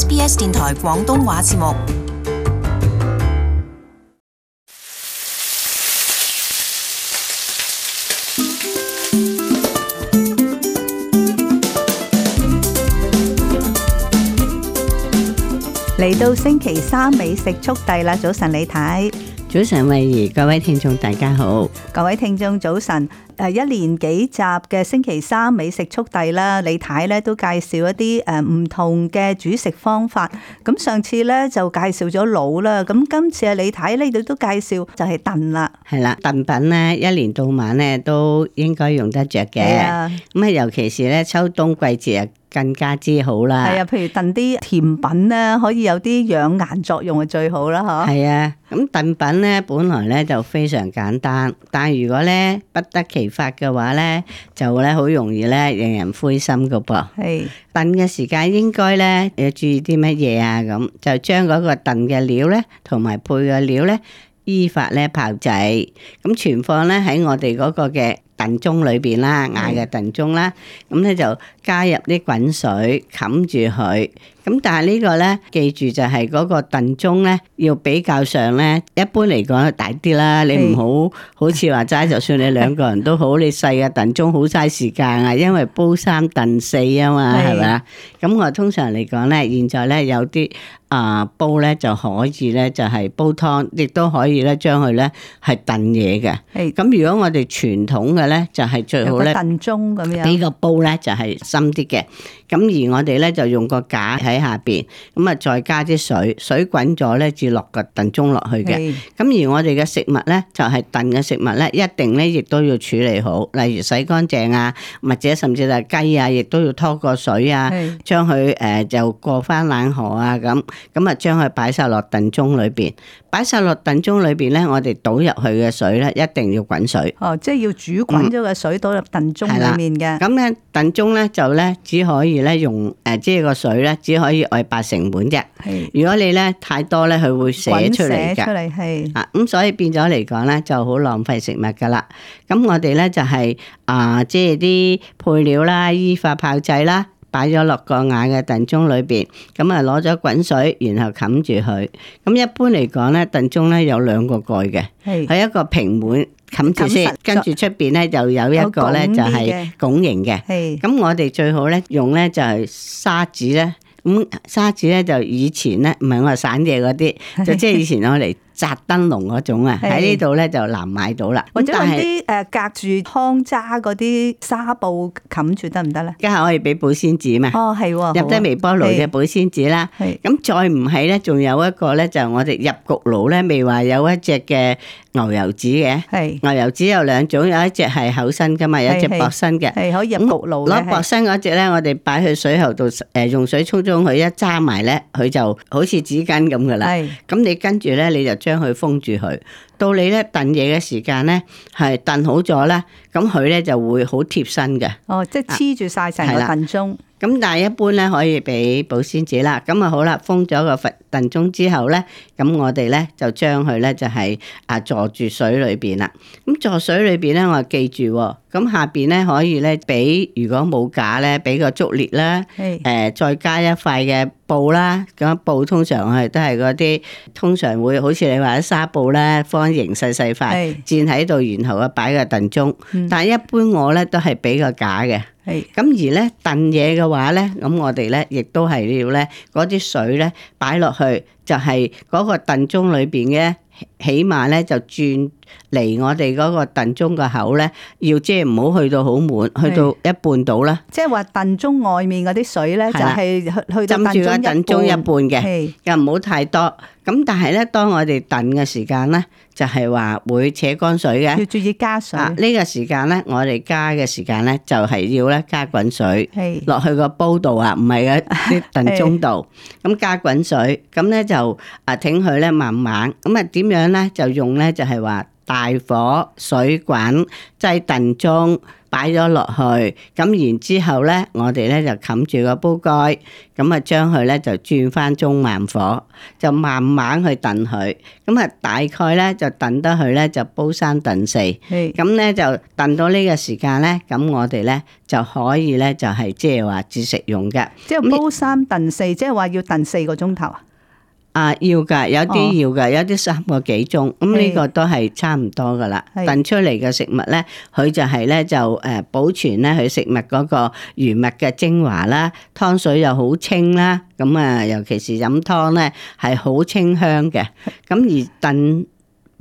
SBS 電台廣東話節目，嚟到星期三美食速遞啦！早晨你，你睇。早晨，惠怡，各位聽眾大家好，各位聽眾早晨。誒，一連幾集嘅星期三美食速遞啦，李太咧都介紹一啲誒唔同嘅煮食方法。咁上次咧就介紹咗滷啦，咁今次啊李太呢度都介紹就係燉啦，係啦燉品咧一年到晚咧都應該用得着嘅。咁啊的，尤其是咧秋冬季節啊。更加之好啦，係啊，譬如燉啲甜品咧，可以有啲養顏作用係，最好啦，嗬。係啊，咁燉品咧本來咧就非常簡單，但係如果咧不得其法嘅話咧，就咧好容易咧讓人灰心噶噃。係燉嘅時間應該咧要注意啲乜嘢啊？咁就將嗰個燉嘅料咧同埋配嘅料咧依法咧炮製，咁存放咧喺我哋嗰個嘅。燉盅裏邊啦，嗌嘅燉盅啦，咁咧是、嗯、就加入啲滾水，冚住佢。咁但係呢個咧，記住就係嗰個燉盅咧，要比較上咧，一般嚟講大啲啦。是你唔好好似話齋，就算你兩個人都好，是你細嘅燉盅好嘥時間啊，因為煲三燉四啊嘛，係咪啊？咁我通常嚟講咧，現在咧有啲啊煲咧就可以咧，就係煲湯，亦都可以咧將佢咧係燉嘢嘅。咁是如果我哋傳統嘅。咧就係最好咧，呢個煲咧就係深啲嘅。咁而我哋咧就用個架喺下邊，咁啊再加啲水，水滾咗咧至落個燉盅落去嘅。咁是而我哋嘅食物咧就係燉嘅食物咧，一定咧亦都要處理好，例如洗乾淨啊，或者甚至係雞啊，亦都要拖個水啊，將佢誒就過翻冷河啊，咁咁啊將佢擺晒落燉盅裏邊，擺晒落燉盅裏邊咧，我哋倒入去嘅水咧一定要滾水。哦，即係要煮。滾咗個水倒入燉盅裏面嘅，咁咧燉盅咧就咧只可以咧用誒，即係個水咧只可以愛八成滿啫。如果你咧太多咧，佢會瀉出嚟㗎。滾瀉出嚟係。啊，咁所以變咗嚟講咧，就好浪費食物㗎啦。咁我哋咧就係啊，即係啲配料啦、醃法、炮製啦，擺咗落個瓦嘅燉盅裏邊。咁啊，攞咗滾水，然後冚住佢。咁一般嚟講咧，燉盅咧有兩個蓋嘅，係一個平碗。冚住先，跟住出邊咧就有一個咧就係拱形嘅，咁我哋最好咧用咧就係砂紙咧，咁砂紙咧就以前咧唔係我哋散嘢嗰啲，就即、是、係以前我嚟。紮燈籠嗰種啊，喺呢度咧就難買到啦。或者啲誒隔住湯渣嗰啲紗布冚住得唔得咧？家下可以俾保鮮紙嘛？哦，係喎，入低微波爐嘅保鮮紙啦。係咁再唔係咧，仲有一個咧就我哋入焗爐咧，未話有一隻嘅牛油紙嘅。係牛油紙有兩種，有一隻係厚身㗎嘛，有一隻薄身嘅。係可以入焗爐。攞薄身嗰隻咧，我哋擺去水喉度，誒用水沖沖佢，一揸埋咧，佢就好似紙巾咁㗎啦。係咁你跟住咧，你就。將佢封住佢。到你咧燉嘢嘅時間咧，係燉好咗咧，咁佢咧就會好貼身嘅。哦，即係黐住晒成個燉盅。咁但係一般咧可以俾保鮮紙啦。咁啊好啦，封咗個燉盅之後咧，咁我哋咧就將佢咧就係啊坐住水裏邊啦。咁坐水裏邊咧，我記住咁下邊咧可以咧俾，如果冇架咧俾個竹裂啦。係誒的、呃，再加一塊嘅布啦。咁布通常係都係嗰啲，通常會好似你話啲紗布咧。形細細塊，濺喺度，然後啊擺個燉盅，但係一般我咧都係俾個假嘅。咁而咧燉嘢嘅話咧，咁我哋咧亦都係要咧，嗰啲水咧擺落去就係嗰個燉盅裏邊嘅，起碼咧就轉嚟我哋嗰個燉盅個口咧，要即係唔好去到好滿，去到一半到啦。即係話燉盅外面嗰啲水咧，就係去去浸住燉盅一半嘅，又唔好太多。咁但係咧，當我哋燉嘅時間咧，就係話會扯乾水嘅，要注意加水。啊，呢個時間咧，我哋加嘅時間咧，就係要咧加滾水落去個煲度啊，唔係嘅啲燉盅度。咁加滾水，咁咧就啊，挺佢咧慢慢。咁啊，點樣咧就用咧就係話。大火水滾，即係燉盅擺咗落去，咁然之後咧，我哋咧就冚住個煲蓋，咁啊將佢咧就轉翻中慢火，就慢慢去燉佢，咁啊大概咧就燉得佢咧就煲三燉四，咁咧是就燉到呢個時間咧，咁我哋咧就可以咧就係即係話只食用嘅，即係煲三燉四，嗯、即係話要燉四個鐘頭啊？啊，要㗎，有啲要㗎，哦、有啲三個幾鐘，咁呢、哦、個都係差唔多㗎啦。是燉出嚟嘅食物咧，佢就係咧就誒保存咧佢食物嗰個原物嘅精華啦，湯水又好清啦，咁啊尤其是飲湯咧係好清香嘅，咁而燉。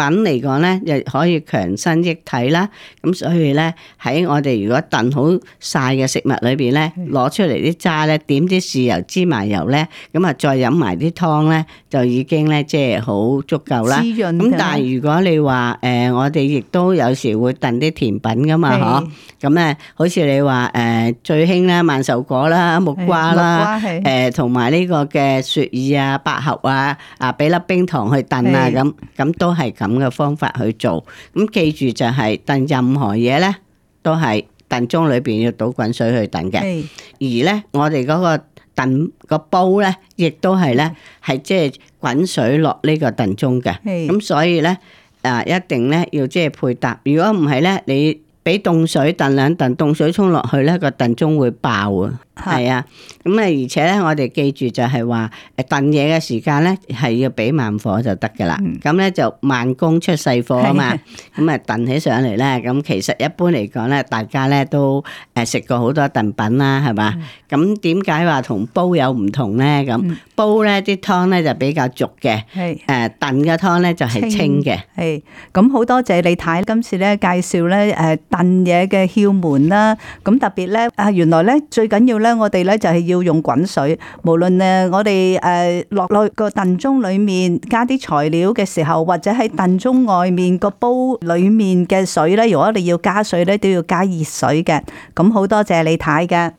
品嚟講咧，又可以強身益體啦。咁所以咧，喺我哋如果燉好晒嘅食物裏邊咧，攞出嚟啲渣咧，點啲豉油、芝麻油咧，咁啊再飲埋啲湯咧，就已經咧即係好足夠啦。滋潤。咁但係如果你話誒、呃，我哋亦都有時會燉啲甜品噶嘛，嗬的。咁啊，好似你話誒、呃、最興啦，萬壽果啦、木瓜啦，木瓜係。誒同埋呢個嘅雪耳啊、百合啊、啊畀粒冰糖去燉的啊，咁咁都係咁。咁嘅方法去做，咁記住就係燉任何嘢咧，都係燉盅裏邊要倒滾水去燉嘅，而咧我哋嗰個燉個煲咧，亦都係咧係即係滾水落呢個燉盅嘅，咁所以咧誒一定咧要即係配搭，如果唔係咧你。俾凍水燉兩燉，凍水沖落去咧個燉盅會爆啊！係啊，咁啊而且咧，我哋記住就係話誒燉嘢嘅時間咧係要俾慢火就得噶啦。咁咧、嗯、就慢工出細貨啊嘛。咁啊燉起上嚟咧，咁其實一般嚟講咧，大家咧都誒食過好多燉品啦，係嘛。咁點解話同煲有唔同咧？咁煲咧啲湯咧就比較濁嘅，係誒燉嘅湯咧就係清嘅。係咁好多謝你太今次咧介紹咧誒。燉嘢嘅竅門啦，咁特別呢，啊原來呢最緊要呢，我哋呢就係要用滾水，無論呢我哋誒落落個燉盅裏面加啲材料嘅時候，或者喺燉盅外面個煲裏面嘅水呢，如果你要加水呢，都要加熱水嘅。咁好多謝李太嘅。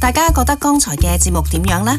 大家覺得剛才嘅節目點樣呢？